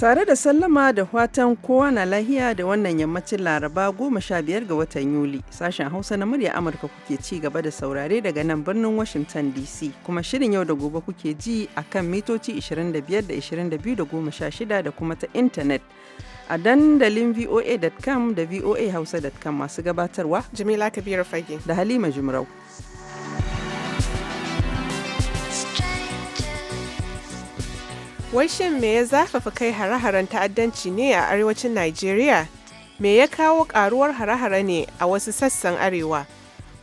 Tare da sallama da watan kowa na lahiya da wannan yammacin Laraba goma sha biyar ga watan Yuli. Sashen Hausa na murya Amurka kuke ci gaba da saurare daga nan birnin Washington DC. Kuma shirin yau da gobe kuke ji a kan mitoci 25 da 22 da goma sha shida da kuma ta intanet. A dandalin voa.com da voahausa.com masu gabatarwa. Jamila Kabiru Fage. Da Halima Jumrau. Wai shin me ya zafafa kai hare-haren ta'addanci ne a arewacin Najeriya? Me ya kawo karuwar hare-hare ne a wasu sassan arewa?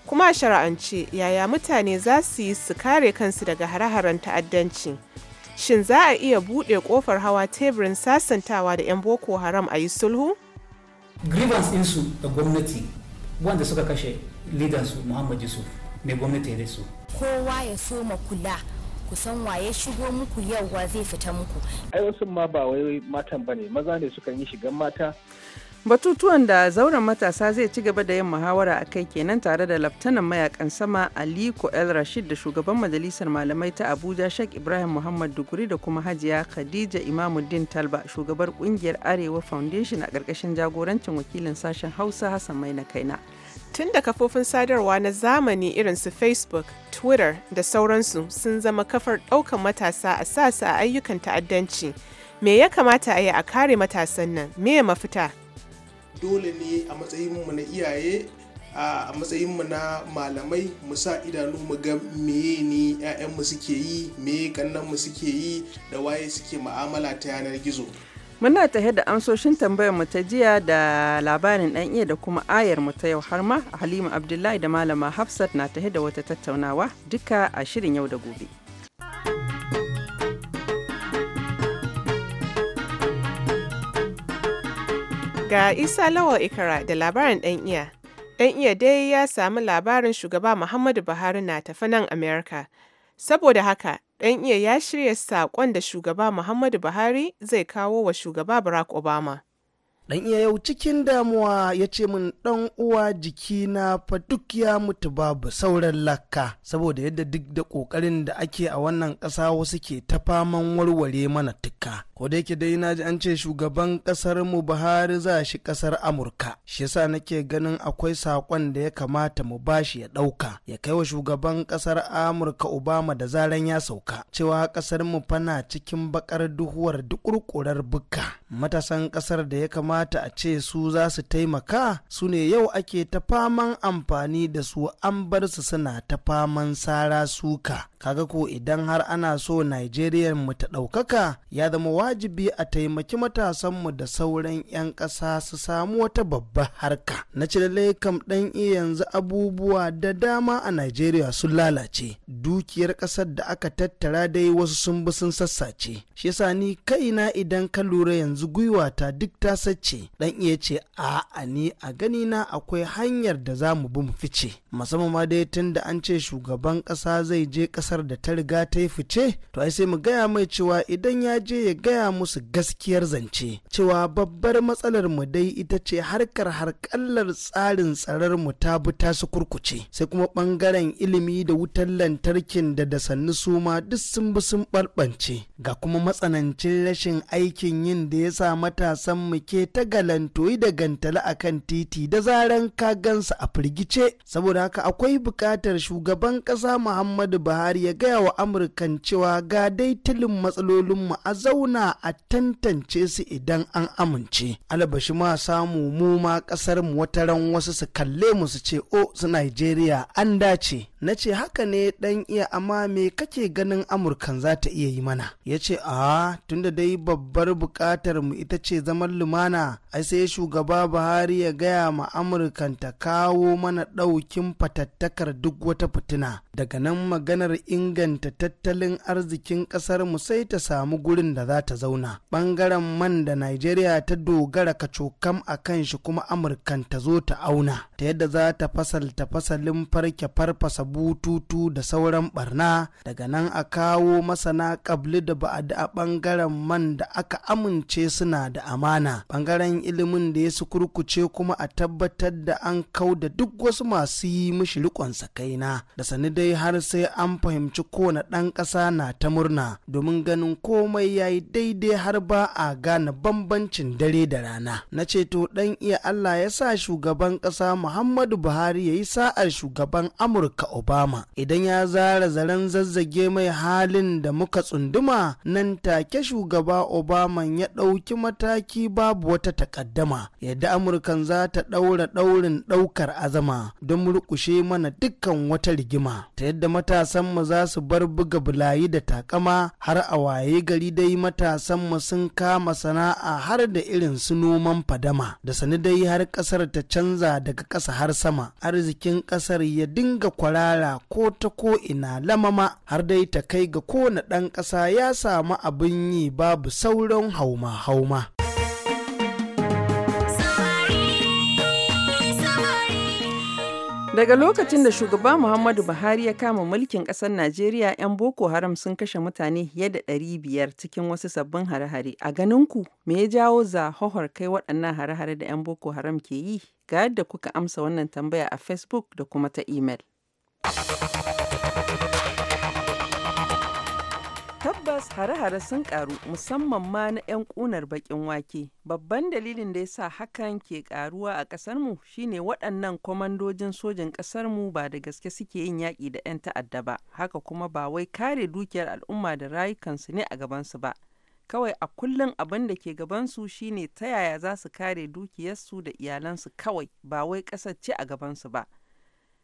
Kuma a shara'ance yaya mutane za su yi su kare kansu daga hare-haren ta'addanci? Shin za a iya buɗe ƙofar hawa teburin sasantawa da 'yan Boko Haram a yi sulhu? Grievance ɗinsu da gwamnati wanda suka kashe lidansu Muhammad mai gwamnati ya Kowa ya soma kula ku san waye shigo muku yau wa zai fita muku ai wasu ma ba wai matan bane maza ne sukan yi shigan mata batutuwan da zauren matasa zai ci gaba da yin muhawara a kai kenan tare da laftanan mayakan sama aliko el rashid da shugaban majalisar malamai ta abuja sheikh ibrahim muhammad duguri da kuma hajiya khadija imamuddin talba shugabar kungiyar arewa foundation a ƙarƙashin jagorancin wakilin sashen hausa hassan maina kaina Tun da kafofin sadarwa na zamani irin su Facebook, Twitter da sauransu sun zama kafar ɗaukan matasa a sasa a ayyukan ta'addanci. Me ya kamata a yi a kare matasan nan? Me ya mafita? Dole ne a matsayinmu na iyaye a matsayinmu na malamai mu sa idanu mu ga meye ne 'ya'yanmu suke yi meye kannanmu suke yi da waye suke ma'amala ta yanar gizo Muna tahe da amsoshin tambayar mu ta jiya da labarin ɗan iya da kuma ayar mu ta yau har ma Halima Abdullahi da Malama Hafsat na tahe da wata tattaunawa duka a shirin yau da gobe. Ga Isa Lawal Ikara da labarin ɗan iya. Ɗan iya dai ya sami labarin shugaba Muhammadu Buhari na tafi nan Amerika. Saboda haka, ɗan iya ya shirya saƙon da shugaba Muhammadu Buhari zai kawo wa shugaba Barack Obama. Dan iya yau cikin damuwa ya ce min dan uwa jiki na fa duk ya mutu babu sauran lakka saboda yadda duk da ƙoƙarin da ake a wannan ƙasa wasu ke ta faman warware mana tukka. da yake dai na ji an ce shugaban kasar mu Buhari za shi kasar Amurka shi yasa nake ganin akwai sakon da ya kamata mu bashi ya dauka ya kai wa shugaban kasar Amurka Obama da zaran ya sauka cewa kasar mu fana cikin bakar duhuwar dukurkurar bukka matasan kasar da ya kamata a ce su za su taimaka su ne yau ake ta faman amfani da su an bar su suna ta faman sara suka kaga ko idan har ana so Najeriya mu ta ɗaukaka ya zama wajibi a taimaki matasanmu da sauran 'yan ƙasa su samu wata babbar harka na cire lallai ɗan iya yanzu abubuwa da dama a Najeriya sun lalace dukiyar ƙasar da aka tattara dai wasu sun bi sun sassace shi yasa ni kaina idan ka lura yanzu gwiwata duk ta sace ɗan iya ce a'a ni a ganina akwai hanyar da za mu bi mu fice musamman ma dai tun da an ce shugaban ƙasa zai je ƙasa kasar da ta riga ta yi fice to ai sai mu gaya mai cewa idan ya je ya gaya musu gaskiyar zance cewa babbar matsalar mu dai ita ce harkar harkallar tsarin tsarar mu ta bi ta su kurkuce sai kuma bangaren ilimi da wutar lantarkin da da sannu suma duk sun bi sun barbance ga kuma matsanancin rashin aikin yin da ya sa matasan mu ke ta galantoyi da gantali akan titi da zaran ka gansa a firgice saboda haka akwai bukatar shugaban kasa Muhammadu Buhari ya gaya wa amurkan cewa ga dai tilin matsalolinmu a zauna a tantance su idan an amince albashi ma samu mu ma kasar mu wata ran wasu su kalle mu su ce o oh, su nigeria an dace na ce haka ne dan iya amma me kake ganin amurkan za ta iya yi mana ya ce a tunda dai babbar bukatar mu ita ce zaman lumana ai sai shugaba buhari ya gaya ma amurkan ta kawo mana ɗaukin fatattakar duk wata fitina daga nan maganar inganta tattalin arzikin ƙasar mu sai ta samu gurin da za ta zauna ɓangaren man da nigeria ta dogara kacokam a kan shi kuma amurkan ta zo ta auna ta yadda za ta fasalta fasalin farke farfasa bututu da sauran barna daga nan a kawo masana ƙabli da ba'adi a ɓangaren man da aka amince suna da amana ɓangaren ilimin da ya su kurkuce kuma a tabbatar da an kau da duk wasu masu yi mishi rikon kaina, da sani dai har sai an fahimci kowane ɗan ƙasa na ta murna domin ganin komai ya yi daidai har ba a gane bambancin dare da rana na ce to ɗan iya Allah ya sa shugaban ƙasa Muhammadu Buhari ya yi sa'ar shugaban Amurka Obama idan ya zara zaren zazzage mai halin da muka tsunduma nan take shugaba Obama ya ɗauki mataki babu wata takaddama yadda amurkan za ta ɗaura ɗaurin ɗaukar azama don murƙushe mana dukkan wata rigima ta yadda matasan mu za su bar buga bulayi da takama har a waye gari dai matasan mu sun kama sana'a har da irin su noman fadama da sani dai har ƙasar ta canza daga ƙasa har sama arzikin ƙasar ya dinga kwarara ko ta ko ina lamama har dai ta kai ga kowane ɗan ƙasa ya samu abin yi babu sauran hauma-hauma. Daga lokacin da shugaba Muhammadu Buhari ya kama mulkin ƙasar Najeriya, 'yan Boko Haram sun kashe mutane fiye da ɗari biyar cikin wasu sabbin hare-hare. A ganin ku, me ya jawo zahohar kai waɗannan hare-hare da 'yan Boko Haram ke yi? Ga yadda kuka amsa wannan tambaya a Facebook da kuma ta email. Tabbas hare-hare sun karu musamman ma na 'yan kunar bakin wake. Babban dalilin da ya sa hakan ke karuwa a ƙasarmu shine waɗannan kwamandojin sojin ƙasarmu ba da gaske suke yin yaƙi da 'yan ta'adda ba, haka kuma ba wai kare dukiyar al'umma da rayukansu ne a gabansu ba. Kawai a kullum abin da ke gabansu shine ta yaya za su kare dukiyarsu da iyalansu kawai ba wai ƙasar ce a gabansu ba.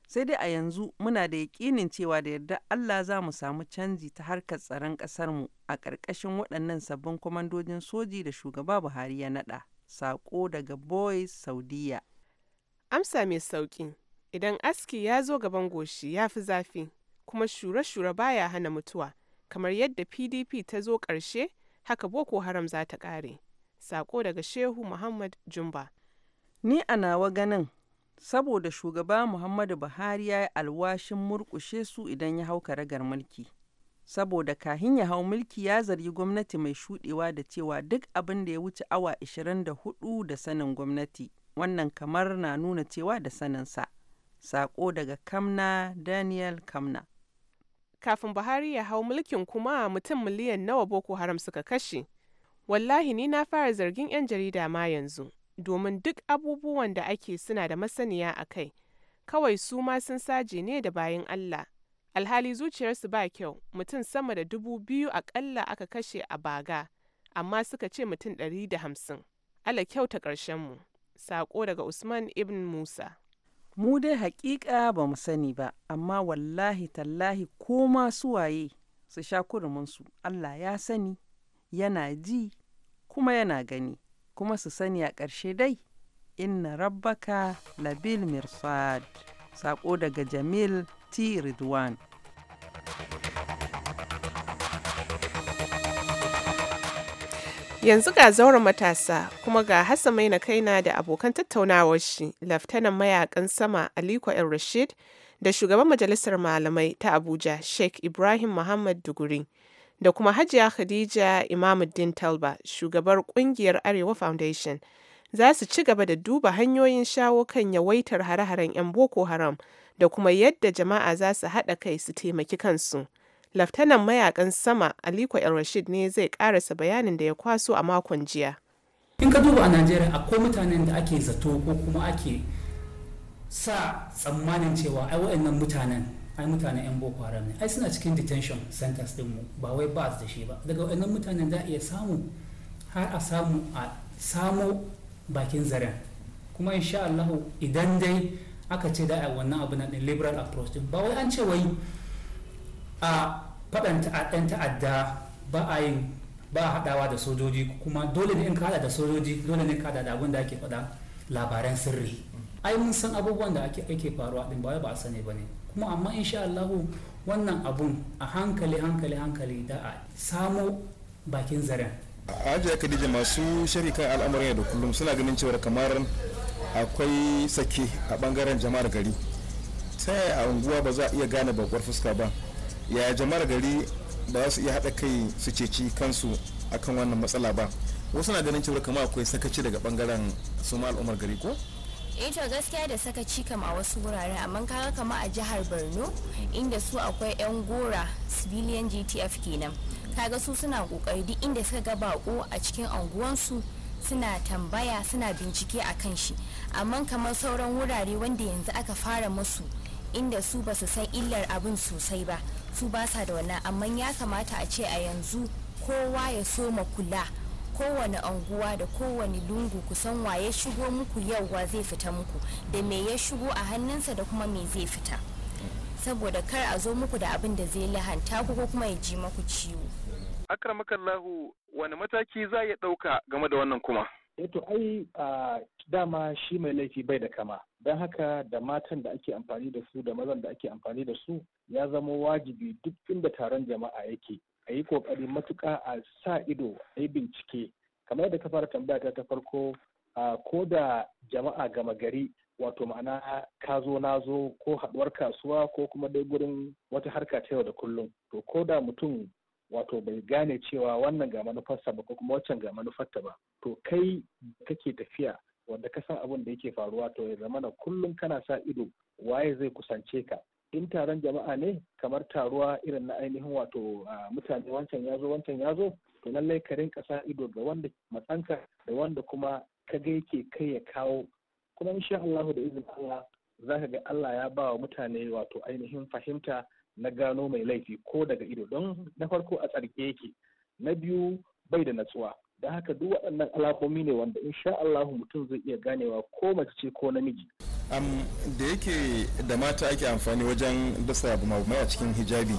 Sai dai a yanzu muna da yaƙinin cewa da yarda Allah za mu samu canji ta harkar tsaron ƙasarmu a ƙarƙashin waɗannan sabbin kwamandojin soji da shugaba Buhari ya naɗa. saƙo daga Boys Saudiya. Amsa mai sauƙi, idan aski ya zo gaban goshi ya fi zafi, kuma shure-shure baya hana mutuwa, kamar yadda PDP ta zo ƙarshe, haka Boko Haram za ta ƙare. saƙo daga Shehu Muhammad Jumba. Ni a nawa ganin saboda shugaba Muhammadu Buhari ya yi alwashin murƙushe su idan ya hau karagar mulki. Saboda kahin ya hau mulki ya zargi gwamnati mai shuɗewa da cewa duk abin da ya wuce awa 24 da sanin gwamnati, wannan kamar na nuna cewa da saninsa. Sako daga Kamna Daniel Kamna. Kafin Buhari ya hau mulkin kuma mutum miliyan nawa Boko Haram suka kashe. Wallahi ni na fara zargin 'yan jarida ma yanzu. domin duk abubuwan da ake suna da masaniya a kai, kawai su ma sun saje ne da bayan Allah. Alhali zuciyarsu ba kyau, mutum sama da dubu biyu aƙalla aka kashe a baga, amma suka ce mutum ɗari da hamsin. Allah kyauta ƙarshenmu. Saƙo daga Usman Ibn Musa. Mu dai haƙiƙa ba mu sani ba, amma wallahi tallahi ko ma suwaye su sha kuruminsu, Allah ya sani, yana ji, kuma yana gani. kuma su sani a ƙarshe dai inna rabbaka labil mirsad saƙo daga jamil t ridwan yanzu ga zauren matasa kuma ga hassan na kaina da abokan tattaunawar shi laftanan mayakan sama aliko el rashid da shugaban majalisar malamai ta abuja sheikh ibrahim muhammad duguri da kuma Hajiya Khadija Imamuddin Talba, shugabar kungiyar Arewa Foundation, za su ci gaba da duba hanyoyin shawo kan yawaitar hare-haren 'yan Boko Haram da kuma yadda jama'a za su haɗa kai su taimaki kansu. Laftanan mayakan sama Aliko El-Rashid ne zai ƙarasa bayanin da ya kwaso a makon jiya. In ka duba a Najeriya akwai mutanen da ake zato ko kuma ake sa tsammanin cewa ai waɗannan mutanen ai mutane yan boko haram ne ai suna cikin detention centers din mu ba wai ba da shi ba daga wannan mutane da iya samu har a samu a samu bakin zaren kuma insha Allah idan dai aka ce da a wannan abu na din liberal approach din ba wai an ce wai a faɗan ta'addan ta'adda ba a yin ba a haɗawa da sojoji kuma dole ne in ka hada da sojoji dole ne ka hada da abin da ake faɗa labaran sirri ai mun san abubuwan da ake faruwa din ba wai ba a sani ba ne kuma amma insha Allah wannan abun a hankali hankali hankali da a samo bakin zaren ajiya kadija masu shirika al'amuran da kullum suna ganin cewar kamar akwai sake a bangaren jama'ar gari ta yaya a unguwa ba za a iya gane bakwar fuska ba ya jama'ar gari ba za su iya haɗa kai su ceci kansu akan wannan matsala ba wasu na ganin cewar kamar akwai sakaci daga bangaren su al'umar gari ko eh to gaskiya da saka cikam a wasu wurare amma kaga kama a jihar borno inda su akwai yan gora civilian gtf kenan kaga su suna kokari duk inda suka ga bako a cikin anguwansu suna tambaya suna bincike a kan shi amma kamar sauran wurare wanda yanzu aka fara musu inda su ba su san illar abin sosai ba su ba sa da wannan amma ya kamata a ce a yanzu kowa ya soma kula kowane anguwa da kowane lungu kusan wa ya shigo muku yau wa zai fita muku da me ya shigo a hannunsa da kuma me zai fita saboda kar a zo muku da abin da zai lahanta ku ko kuma ya ji maku ciwo Lahu wani mataki za ya ɗauka game da wannan kuma eh to ai dama shi mai laifi bai da kama don haka da matan da ake amfani da su da mazan da ake amfani da su ya zama wajibi duk inda taron jama'a yake a yi kokari matuka a sa ido a yi bincike kamar yadda ka fara tambaya ta ta farko ko da jama'a gama gari wato ma'ana ka zo na zo ko haduwar kasuwa ko kuma dai gurin wata harka ta yau da kullum to ko da mutum wato bai gane cewa wannan ga manufarsa ba ko kuma waccan ga manufarta ba to kai kake tafiya wanda ka san abin da yake faruwa to ya zamana kullum kana sa ido waye zai kusance ka in taron jama'a ne kamar taruwa irin na ainihin wato mutane wancan ya zo wancan ya zo to lallai ka rinka sa ido ga wanda matsanka da wanda kuma ka ga yake kai ya kawo kuma insha Allahu da izinin Allah za ka ga Allah ya ba wa mutane wato ainihin fahimta na gano mai laifi ko daga ido don na farko a tsarki yake na biyu bai da natsuwa da haka duk waɗannan alamomi ne wanda insha Allahu mutum zai iya ganewa ko mace ce ko namiji. da yake da mata ake amfani wajen dasa abu a cikin hijabi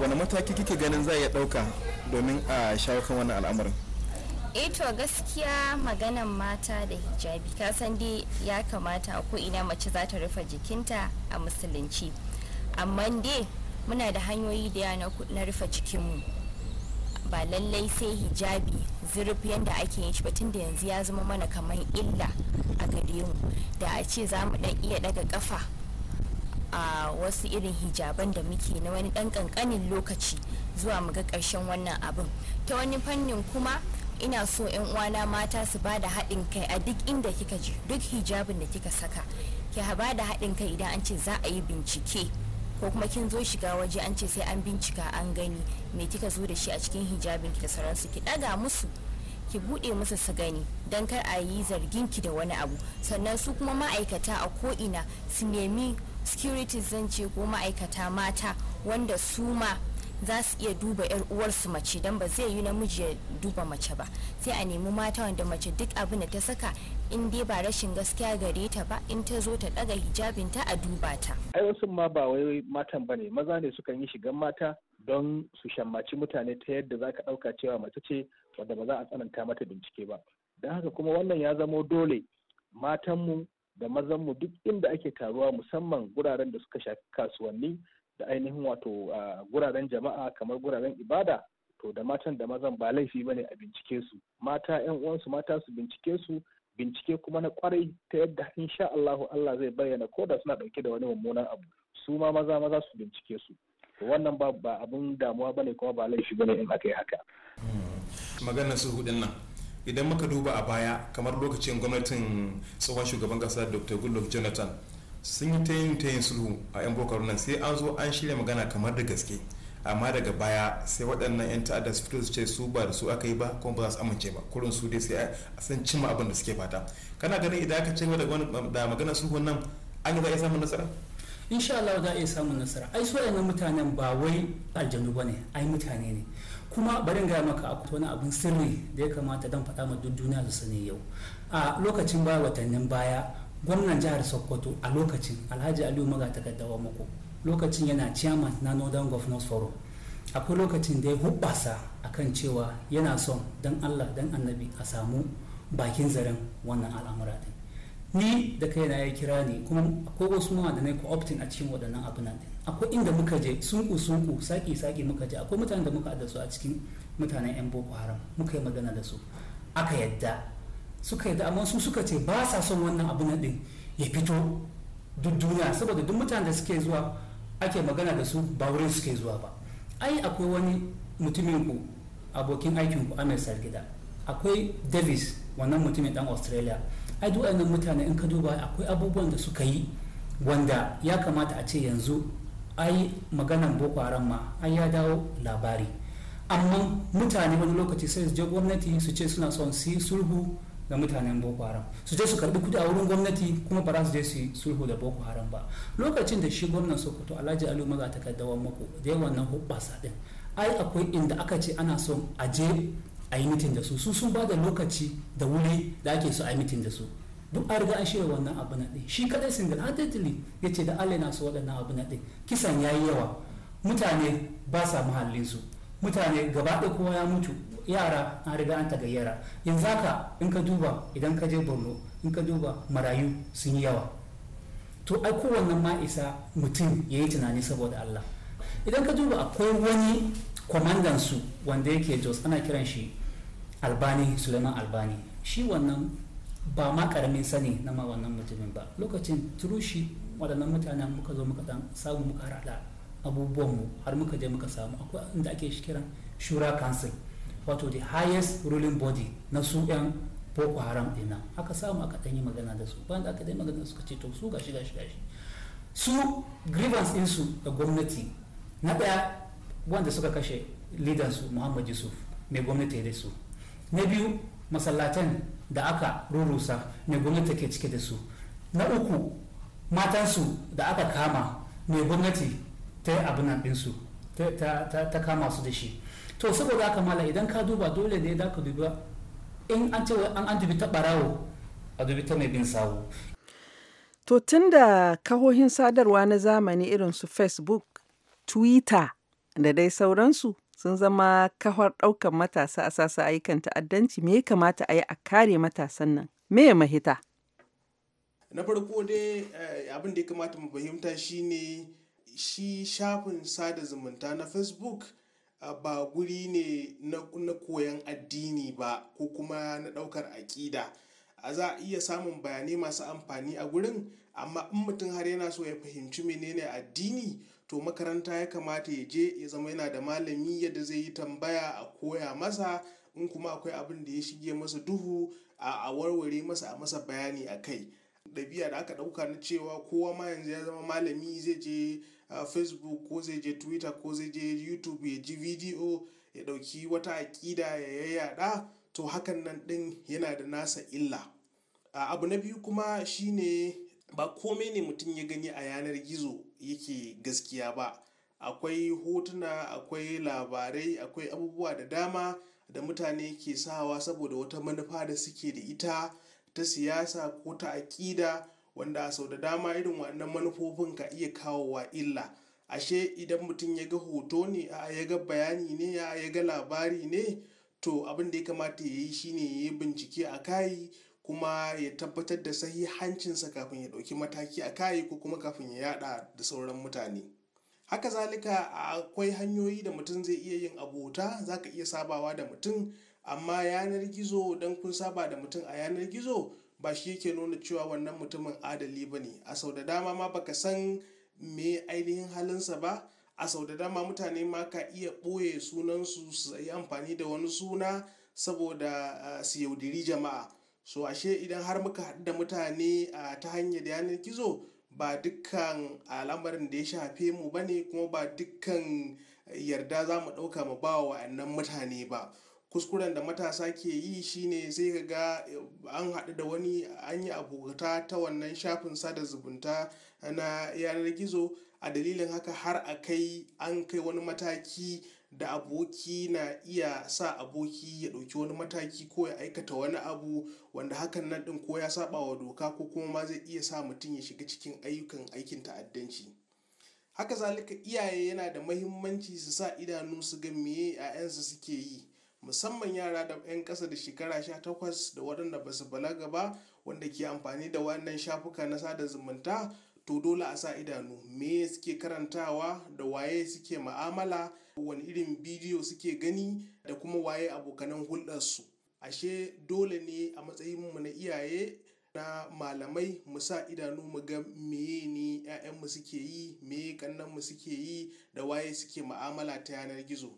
wani mataki kike ganin za ya ɗauka domin a shawo kan wannan al'amarin eh to gaskiya maganan mata da hijabi kasan dai ya kamata ko ina mace za ta rufe jikinta a musulunci amma dai muna da hanyoyi da yawa na rufe jikinmu ba lallai sai hijabi zurfi yadda ake yin shi ba tun da yanzu ya zama mana kamar illa a gare mu da a ce za mu dan iya daga kafa a wasu irin hijaban da muke na wani dan kankanin lokaci zuwa mu ga karshen wannan abin ta wani fannin kuma ina so yan uwana mata su ba da haɗin kai a duk inda kika je duk hijabin da kika saka ki ba da haɗin kai idan an ce za a yi bincike ko kuma kin zo shiga waje an ce sai an bincika an gani me kika zo da shi a cikin hijabin ki da sauransu ki daga musu ki buɗe masa su gani don kar a yi zargin ki da wani abu sannan su kuma ma'aikata a ko'ina su nemi securities zan ce ko ma'aikata mata wanda su ma za su iya duba yar uwarsu mace don ba zai yi namiji ya duba mace ba sai a nemi mata wanda mace duk abin da ta saka in dai ba rashin gaskiya gare ta ba in ta zo ta daga hijabinta a duba ta ai wasu ma ba wai matan bane maza ne sukan yi shigan mata don su shammaci mutane ta yadda za ka ɗauka cewa mace ce wadda ba za a tsananta mata bincike ba don haka kuma wannan ya zamo dole matanmu da mazanmu duk inda ake taruwa musamman guraren da suka shafi kasuwanni da ainihin wato guraren jama'a kamar guraren ibada to da matan da mazan ba laifi bane a bincike su mata yan uwansu mata su bincike su bincike kuma na kwarai ta yadda insha Allahu Allah zai bayyana ko da suna dauke da wani mummunan abu su ma maza maza su bincike su wannan ba abun damuwa bane kuma ba laifi bane in aka yi haka magana sulhu din nan idan muka duba a baya kamar lokacin gwamnatin tsohon shugaban kasa dr goodluck jonathan sun yi ta yin ta yin sulhu a yan bokaru nan sai an zo an shirya magana kamar da gaske amma daga baya sai waɗannan 'yan ta'adda su fito su ce su ba da su aka yi ba kuma ba za su amince ba kurin su dai sai a san cimma abin da suke fata kana ganin idan aka ce da magana sulhun nan an yi za a iya samun nasara insha Allah za a iya samun nasara ai su mutanen ba wai aljanu bane ai mutane ne kuma barin gaya maka a wani abin sirri da ya kamata don faɗa ma duk duniya da sani yau a lokacin baya watannin baya gwamnan jihar sokoto a lokacin alhaji aliyu maga takardawa mako lokacin yana chairman na northern governors forum akwai lokacin da ya hubbasa kan cewa yana son don allah don annabi a samu bakin zaren wannan al'amura ni da kai na ya kira ne kuma akwai wasu ma da na yi co a cikin waɗannan abin nan akwai inda muka je sunku sunku saki saki muka je akwai mutanen da muka su a cikin mutanen yan boko haram muka yi magana da su aka yadda suka yadda amma su suka ce ba sa son wannan abu na ɗin ya fito duk duniya saboda duk mutanen da suke zuwa ake magana da su ba wurin suke zuwa ba ai akwai wani mutumin ku abokin aikin ku Amir Sargida akwai Davis wannan mutumin dan Australia ai duk mutane in ka duba akwai abubuwan da suka yi wanda ya kamata a ce yanzu ai maganan boko haram ma ai ya dawo labari amma mutane wani lokaci sai su je gwamnati su ce suna son su yi sulhu da mutanen boko haram su je su karbi kudi a wurin gwamnati kuma ba za su je su yi sulhu da boko haram ba lokacin da shi gwamnan sokoto alhaji aliyu maza ta dawon mako da yawan nan hubbasa din ai akwai inda aka ce ana son a je a yi mitin da su su sun ba da lokaci da wuri da ake so a yi mitin da su duk an riga an shirya wannan abu na ɗin shi kadai single handedly ya ce da allah na su waɗannan abu na ɗin kisan ya yi yawa mutane ba sa muhallin su mutane gaba ɗaya kowa ya mutu yara an riga an tagayyara yanzu haka in ka duba idan ka je borno in ka duba marayu sun yi yawa to ai kowanne ma isa mutum ya yi tunani saboda allah idan ka duba akwai wani kwamandansu wanda yake jos ana kiran shi albani suleiman albani shi wannan ba ma karamin sani na ma wannan mutumin ba lokacin turushi waɗannan mutanen muka zo muka dan samu muka abubuwan mu har muka je muka samu akwai inda ake kiran shura council wato the highest ruling body na su 'yan boko haram ɗin aka samu aka ɗanyi magana da su bayan da aka ɗanyi magana suka ce to su gashi gashi gashi su grievance ɗinsu da gwamnati na ɗaya wanda suka kashe lidansu muhammad yusuf mai gwamnati da su na biyu masallatan da aka rurusa mai gwamnati ke cike da su na uku matansu da aka kama mai gwamnati ta yi abin ta kama su da shi to saboda haka mala idan ka duba dole ne da ka duba in an ce an an dubi ta barawo a dubi ta mai bin sawo to tun da kahohin sadarwa na zamani irin su facebook twitter da dai sauransu sun zama kawar ɗaukar matasa a sasa ayyukan ta'addanci me ya kamata a yi a kare matasan nan me ya mahita na farko dai eh, abin da ya kamata mu fahimta shine shi shafin sada zumunta na facebook ah, ba guri ne na koyon addini ba ko kuma na ɗaukar aƙida a za a iya samun bayanai masu amfani a gurin amma in mutum har yana so ya fahimci menene addini to makaranta ya kamata ya je ya zama yana da malami yadda zai yi tambaya a koya masa in kuma akwai abin da ya shige masa duhu a warware masa a masa bayani a kai ɗabi'a da aka ɗauka na cewa kowa ma yanzu ya zama malami zai je facebook ko zai je twitter ko zai je youtube ya ji video ya ɗauki wata aƙida ya yayyada to hakan nan ɗin yana da nasa illa abu na biyu kuma shine ba komai ne mutum ya gani a yanar gizo yake gaskiya ba akwai hotuna akwai labarai akwai abubuwa da dama da mutane ke sawa saboda wata manufa da suke da ita ta siyasa ko ta aƙida wanda sau da dama irin wannan manufofin ka iya kawowa illa ashe idan mutum ya ga hoto ne a ya ga bayani ne a ya ga labari ne to abin da ya kamata ya yi shine ya yi bincike a kai kuma ya tabbatar da sahihancinsa kafin ya ɗauki mataki a kayi ko kuma kafin ya yada da sauran mutane haka zalika akwai hanyoyi da mutum zai iya yin abota za ka iya sabawa da mutum amma yanar gizo don kun saba da mutum a yanar gizo ba shi yake nuna cewa wannan mutumin adali ba ne a sau da dama ma baka san me ainihin halinsa ba a sau da dama mutane ma ka iya ɓoye sunansu su yi amfani da wani suna saboda ah, su yaudiri jama'a so ashe idan har muka haɗu da mutane a ta hanyar yanar gizo ba dukkan al'amarin da ya shafe mu ba ne kuma ba dukkan yarda za mu ɗauka mu ba wa'annan mutane ba kuskuren da matasa ke yi shine sai ka ga eh, an haɗu da wani an yi abokata ta wannan shafin sada zubunta na yanar gizo a dalilin haka har a kai an kai wani mataki da aboki na iya sa aboki ya ɗauki wani mataki ko ya aikata wani abu wanda hakan nan ɗin ko ya saba wa doka ko kuma ma zai iya sa mutum ya shiga cikin ayyukan aikin ta'addanci haka zalika iyaye yana da mahimmanci su sa idanu su ga meye 'ya'yansu suke yi musamman yara da 'yan ƙasa da shekara sha 18 da waɗanda ba su balaga ba wanda ke amfani da wannan shafuka na sada zumunta to dole a sa idanu me suke karantawa da waye suke ma'amala wani irin bidiyo suke gani da kuma waye abokanan hulɗarsu ashe dole ne a matsayinmu na iyaye na malamai mu sa idanu mu ga meye ne 'ya'yanmu suke yi meye kannanmu suke yi da waye suke ma'amala ta yanar gizo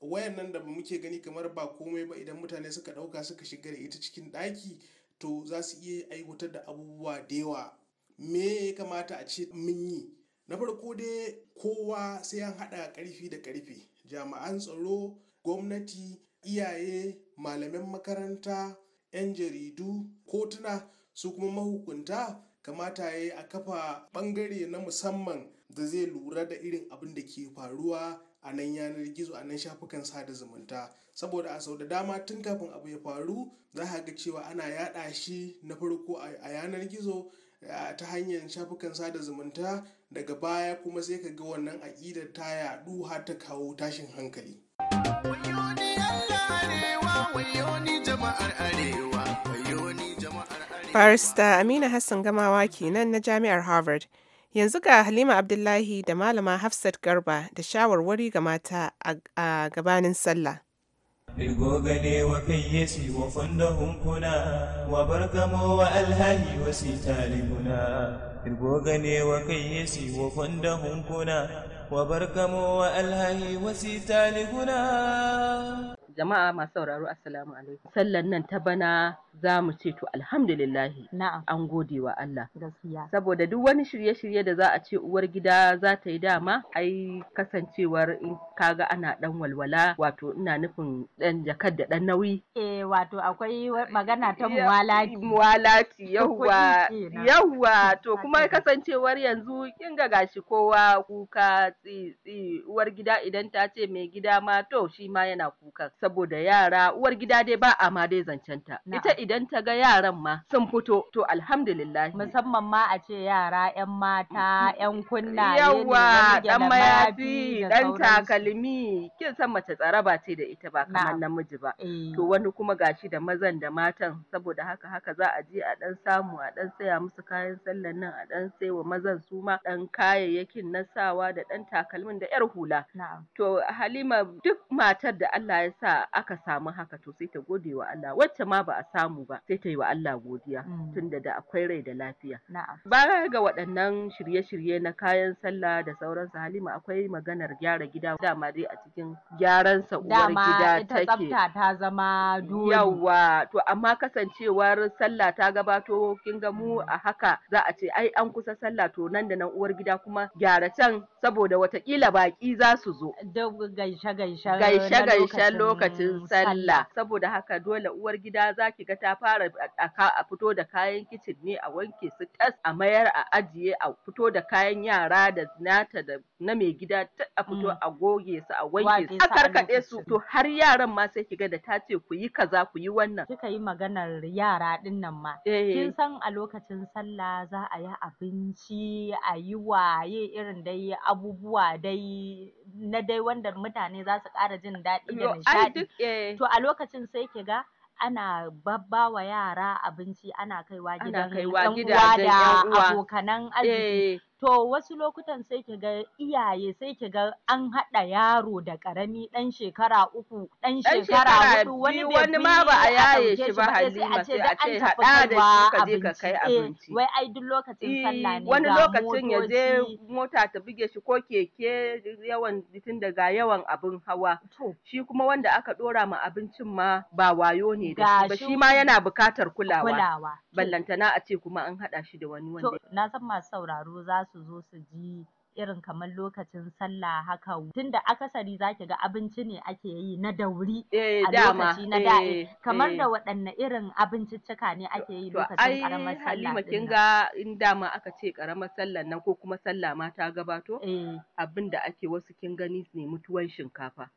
wayannan nan da muke gani kamar ba komai ba idan mutane suka ɗauka suka shiga da ita cikin ɗaki to za su iya aiwatar da abubuwa da yawa me ya kamata a ce mun yi na farko dai kowa sai an haɗa ƙarfi da ƙarfi jami'an tsaro gwamnati iyaye malaman makaranta 'yan jaridu kotuna su kuma mahukunta kamata ya a kafa bangare na musamman da zai lura da irin abin da ke faruwa a nan yanar gizo a nan shafukan sada zumunta saboda a sau da dama tun kafin abu ya faru za a ga cewa ana yada shi na farko a yanar gizo ta hanyar shafukan sada zumunta daga baya kuma sai ka ga wannan aƙidar ta yaɗu har ta kawo tashin hankali. Barista Amina Hassan Gamawa kenan na Jami'ar Harvard. Yanzu ga Halima Abdullahi da Malama Hafsat Garba da shawarwari ga mata a gabanin sallah. للجوجني وكيسي وفندهم كنا وبركمو وألهي وسيتالبنا للجوجني وكيسي وفندهم كنا وبركمو وألهي وسيتالبنا jama'a masu sauraro assalamu alaikum sallan nan ta bana za mu ce to alhamdulillahi na'am an gode wa Allah gaskiya saboda duk wani shirye-shirye da za a ce uwar gida za ta yi dama ai kasancewar in kaga ana dan walwala wato ina nufin dan jakar da dan nauyi eh wato akwai magana ta muwalati muwalati yawwa yawwa to kuma kasancewar yanzu kin ga gashi kowa kuka tsi tsi uwar gida idan ta ce mai gida ma to shi ma yana kuka. saboda yara uwar gida dai ba a ma dai zancen ta ita idan ta ga yaran ma sun fito to alhamdulillah musamman ma a ce yara yan mata mm-hmm. yan kunna yawa dan mayafi dan takalmi kin san mace ba ce da ita ba kamar namiji ba eh. to wani kuma gashi da mazan da matan saboda haka haka za a je a dan samu a dan saya musu kayan sallan nan a dan sai wa mazan su ma dan kayayyakin na sawa da dan takalmin da yar hula to halima duk matar da Allah ya sa aka samu haka to sai ta gode wa Allah wacce ma ba a samu ba sai ta yi wa Allah godiya mm. tunda da akwai rai da lafiya baya ga waɗannan shirye-shirye na kayan sallah da sauransu Halima akwai maganar gyara gida dama dai a cikin gyaran sa uwar gida take dama ta zama dole yawa to amma kasancewar sallah ta gabato kin ga mu mm. a haka za a ce ai an kusa sallah to nan da nan uwar gida kuma gyara can saboda watakila baki za su zo gaishe gaishe gaishe gaishe lokacin mm, sallah saboda haka dole uwar gida ki ga ta fara a fito da kayan kicin ne a wanke su tas a mayar a ajiye a fito da kayan yara da nata da na mai gida a fito mm. a goge su a wanke su a karkade su to har yaran ma sai ki ga da ta ce ku yi kaza ku yi wannan kika yi maganar yara din nan ma eh. kin san a lokacin sallah za a yi abinci a yi waye irin dai abubuwa dai na dai wanda mutane za su ƙara jin daɗi da nishaɗi duk eh. to a lokacin sai ki ga ana babba wa yara abinci ana kaiwa gidan uwa da abokanan arziki eh. to wasu lokutan sai ki ga iyaye sai ki ga an haɗa yaro da ƙarami ɗan shekara uku ɗan shekara huɗu wani wani ma ba a yaye shi ba halima sai a ce haɗa da shi ka je ka kai eh, abinci wai ai duk lokacin eh, sallah ne wani lokacin ya je mota ta buge shi ko keke yawan tunda ga yawan abin hawa shi kuma wanda aka ɗora ma abincin ma ba wayo ne da shi ba shi ma yana buƙatar kulawa ballantana a ce kuma an haɗa shi da wani wanda na san masu sauraro za os ou de irin kamar lokacin sallah haka tunda akasari zaki ga abinci ne ake yi na dauri eh, a lokaci na da'i eh, kamar eh. da waɗanne irin abinciccika ne ake yi lokacin karamar sallah To Halima kin ga in dama aka ce karamar sallah nan ko kuma sallah ma ta gabato abin da ake wasu kin gani su nemi tuwon shinkafa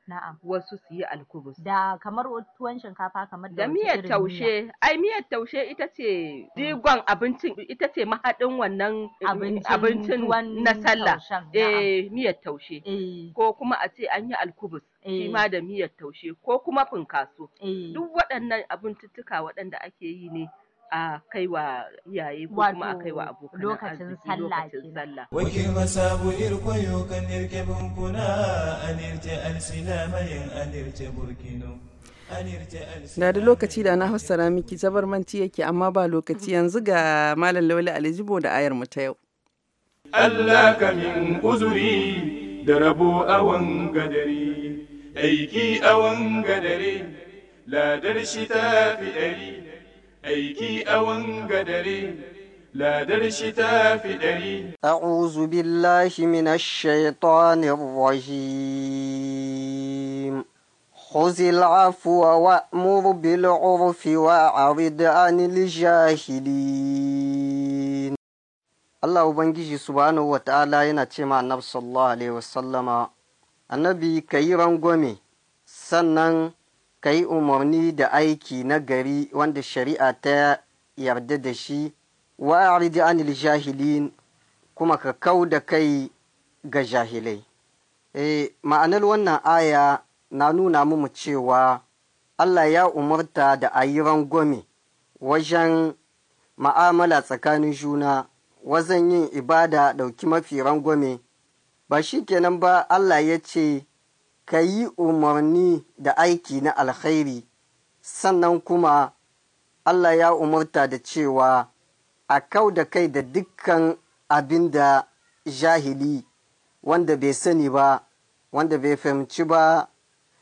wasu su yi alkubus da kamar tuwon shinkafa kamar da miyar taushe ai miyar taushe ita ce digon mm. abincin ita ce mahaɗin wannan abincin na sallah shan eh miyar taushe eh. ko kuma a ce an yi alkubus eh. shi ma da miyar taushe ko kuma funkaso eh. duk waɗannan abincicika waɗanda ake yi ne a kaiwa iyaye ko kuma a kaiwa abokan lokacin sallah lokacin sallah wake masabu irkoyo kan nirke bunkuna anirce alsilamayin anirce burkino da da lokaci da na hasara miki zabar manti yake amma ba lokaci yanzu ga malam lauli alijibo da ayar mu ta yau ألاك من أزري دربو أوان قدري أيكي أوان قدري لا درشتا في دري أيكي أوان قدري لا درشتا في دري أعوذ بالله من الشيطان الرجيم خذ العفو وأمر بالعرف وأعرض عن الجاهلين Allah Ubangiji subhanahu wa ta'ala yana ce ma annabi sallallahu alaihi wasallama annabi ka yi rangwame sannan ka yi umarni da aiki na gari wanda shari'a ta yarda da shi wa aridi anil jahilin kuma ka kau da kai ga jahilai Eh ma'anar wannan aya na nuna mu cewa Allah ya umarta da a yi rangwame wajen ma'amala tsakanin juna wajen yin ibada ɗauki mafi rangwame, ba shi kenan ba Allah ya ce, Ka yi umarni da aiki na alkhairi, sannan kuma Allah ya umarta da cewa a kau da kai da dukkan abin da jahili wanda bai sani ba, wanda bai fahimci ba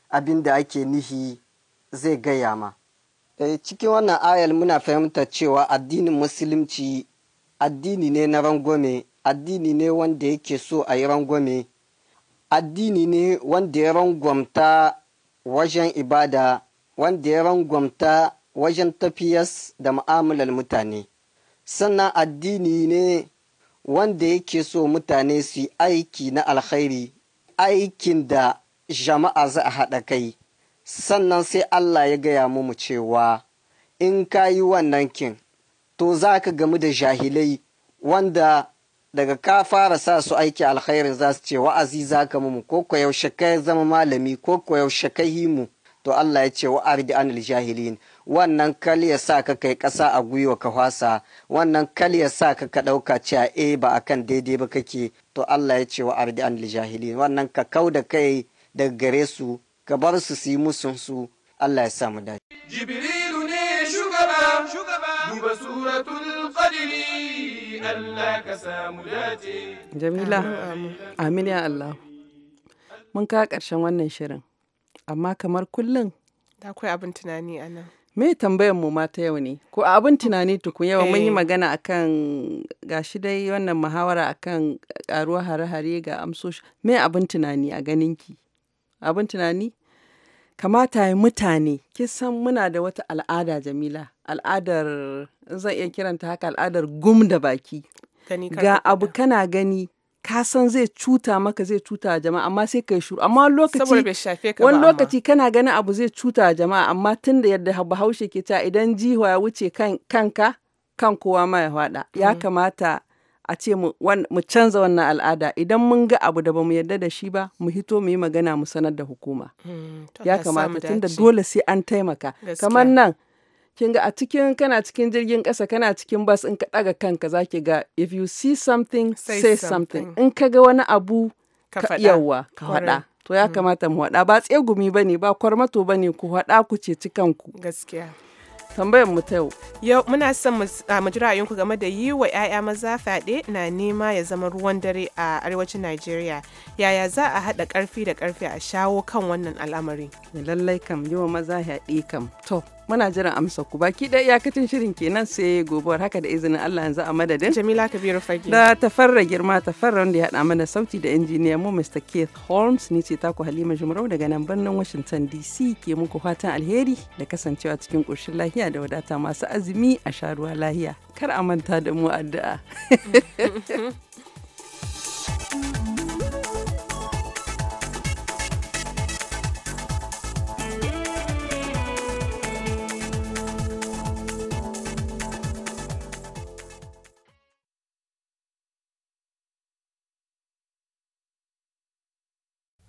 abin da ake nihi zai gaya ma. E, cikin wannan ayal muna fahimta cewa addinin musulunci addini ne na rangwame addini ne wanda yake so a yi rangwame addini ne wanda ya rangwamta wajen ibada wanda ya rangwamta wajen tafiyas da ma'amalar mutane sannan addini ne wanda yake so mutane su yi aiki na alkhairi aikin da jama'a za a haɗa kai sannan sai allah ya gaya mu cewa in ka yi wannan kin to za ka gamu da jahilai wanda daga ka fara sa su aiki alkhairin za su ce wa'azi za ka mu ko ko yaushe ka zama malami ko ko yaushe ka yi mu to Allah ya ce wa'ardi anil jahilin wannan kal ya sa ka kai ƙasa a gwiwa ka hwasa wannan kal ya sa ka ka ɗauka cewa eh ba akan daidai ba kake to Allah ya ce wa'ardi anil jahilin wannan ka kau da kai daga gare su ka bar su su yi musun su Allah ya sa mu dace. duba suratul Allah ka samu dace Jamila amin ya Allah mun ka karshen wannan shirin amma kamar kullum da akwai abin tunani a nan me tambayar mu mata yau ne ko abin tunani tukun yau mun yi magana akan gashi dai wannan muhawara akan karuwar hare-hare ga amsoshi me abin tunani a ganinki abin tunani kamata ya mutane kisan muna da wata al'ada jamila al'adar zan iya kiranta haka al'adar gum da baki ga abu kana gani ka san zai cuta maka zai cuta jama'a amma sai kai shuru amma lokaci wani lokaci kana ganin abu zai cuta jama'a amma tun da yadda bahaushe ke ta idan jiho ya wuce kanka kan kowa ma ya hwada ya mm-hmm. kamata a ce mu canza wannan al'ada idan mun ga abu da mu yarda da shi ba mu hito mu yi magana mu sanar da hukuma hmm, ya kamata tunda dole sai an taimaka kamar nan kin ga a cikin kana cikin jirgin ƙasa kana cikin bas in ka ɗaga kanka zaki ga if you see something say, something in ka ga wani abu ka yawa ka faɗa to ya hmm. kamata mu faɗa ba tsegumi bane ba kwarmato bane ku haɗa ku ce ku gaskiya tambayar mu ta yau yau muna son mu ji ra'ayinku game da yi wa 'ya'ya maza fyaɗe na nema ya zama ruwan dare a arewacin Najeriya yaya za a haɗa ƙarfi da ƙarfi a shawo kan wannan al'amari lallai kam yi wa maza fyaɗe kam to muna jiran amsa ku baki da iyakacin shirin kenan sai gobuwar haka da izinin Allah yanzu a madadin Jamila Kabiru Fage da tafarra girma tafarra wanda ya haɗa mana sauti da injiniya mu Mr Keith Holmes ni ce taku Halima Jumarau daga nan birnin Washington DC ke muku fatan alheri da kasancewa cikin ƙoshin lahiya da wadata masu azumi a sharuwa lahiya kar a manta da mu addu'a